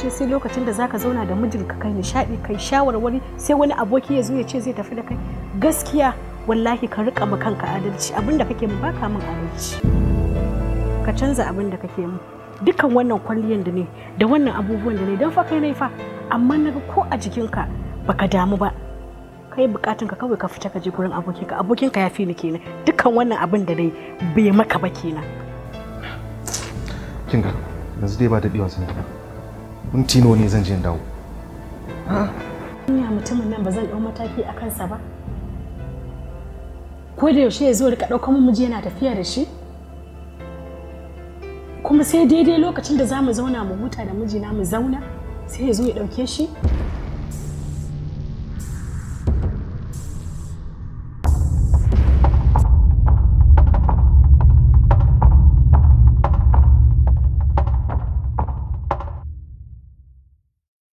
ce sai lokacin da zaka zauna da mijinka kai nishaɗi kai shawarwari sai wani aboki ya zo ya ce zai tafi da kai gaskiya wallahi ka riƙa ma kanka adalci abin da kake mu baka min adalci ka canza abin da kake mu dukkan wannan kwalliyan da ne da wannan abubuwan da ne don fa kai ne fa amma na ko a jikinka baka damu ba kai bukatun ka kawai ka fita ka je gurin abokin ka abokin ka ya fi ni kenan dukkan wannan abin da dai bai maka ba kenan kinga yanzu dai ba da biyan sun minti nawa ne zan je dawo ina mutumin nan ba zan ɗau mataki a kansa ba ko da yaushe ya zo rika ɗaukar mu muje yana tafiya da shi kuma sai daidai lokacin da za mu zauna mu huta da mijina mu zauna sai ya zo ya ɗauke shi